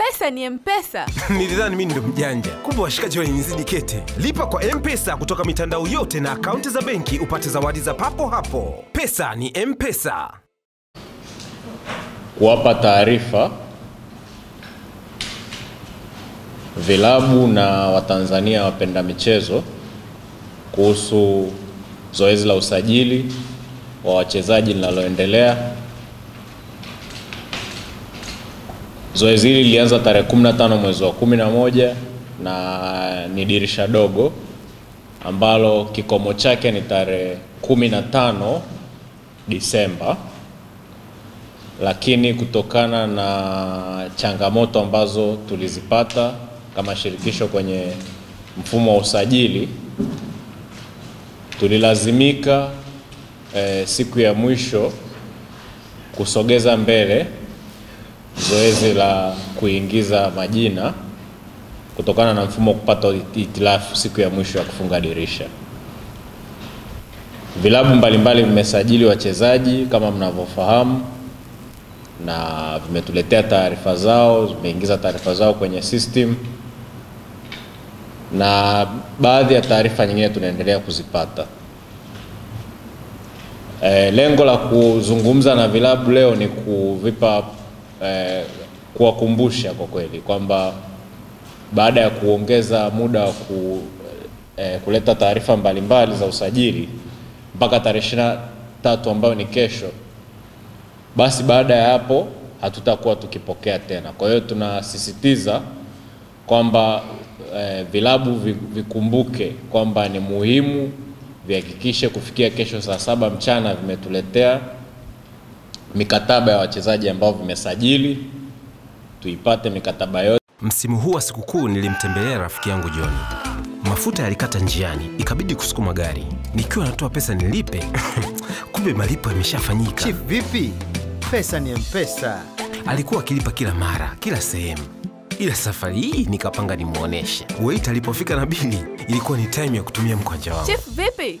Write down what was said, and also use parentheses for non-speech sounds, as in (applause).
pesa ni mpesa. (laughs) Nilidhani mimi ndo mjanja, kumbe washikaji walinizidi kete. Lipa kwa mpesa kutoka mitandao yote na akaunti za benki upate zawadi za papo hapo. Pesa ni mpesa. Kuwapa taarifa vilabu na Watanzania wapenda michezo kuhusu zoezi la usajili wa wachezaji linaloendelea Zoezi hili lilianza tarehe 15 mwezi wa 11 na ni dirisha dogo ambalo kikomo chake ni tarehe 15 Disemba, lakini kutokana na changamoto ambazo tulizipata kama shirikisho kwenye mfumo wa usajili tulilazimika eh, siku ya mwisho kusogeza mbele zoezi la kuingiza majina kutokana na mfumo wa kupata itilafu siku ya mwisho ya kufunga dirisha. Vilabu mbalimbali vimesajili wachezaji kama mnavyofahamu, na vimetuletea taarifa zao, zimeingiza taarifa zao kwenye system, na baadhi ya taarifa nyingine tunaendelea kuzipata. E, lengo la kuzungumza na vilabu leo ni kuvipa eh, kuwakumbusha kwa kweli kwamba baada ya kuongeza muda wa ku, eh, kuleta taarifa mbalimbali za usajili mpaka tarehe ishirini na tatu ambayo ni kesho, basi baada ya hapo hatutakuwa tukipokea tena. Kwa hiyo tunasisitiza kwamba eh, vilabu vikumbuke kwamba ni muhimu vihakikishe kufikia kesho saa saba mchana vimetuletea mikataba ya wachezaji ambao vimesajili tuipate mikataba yote. Msimu huu wa sikukuu nilimtembelea rafiki yangu John. Mafuta yalikata njiani, ikabidi kusukuma gari. Nikiwa natoa pesa nilipe, (laughs) kumbe malipo yameshafanyika. Chief, vipi? Pesa ni mpesa. Alikuwa akilipa kila mara, kila sehemu, ila safari hii nikapanga nimwoneshe. Wait alipofika na bili, ilikuwa ni time ya kutumia mkwanja wangu. Chief, vipi?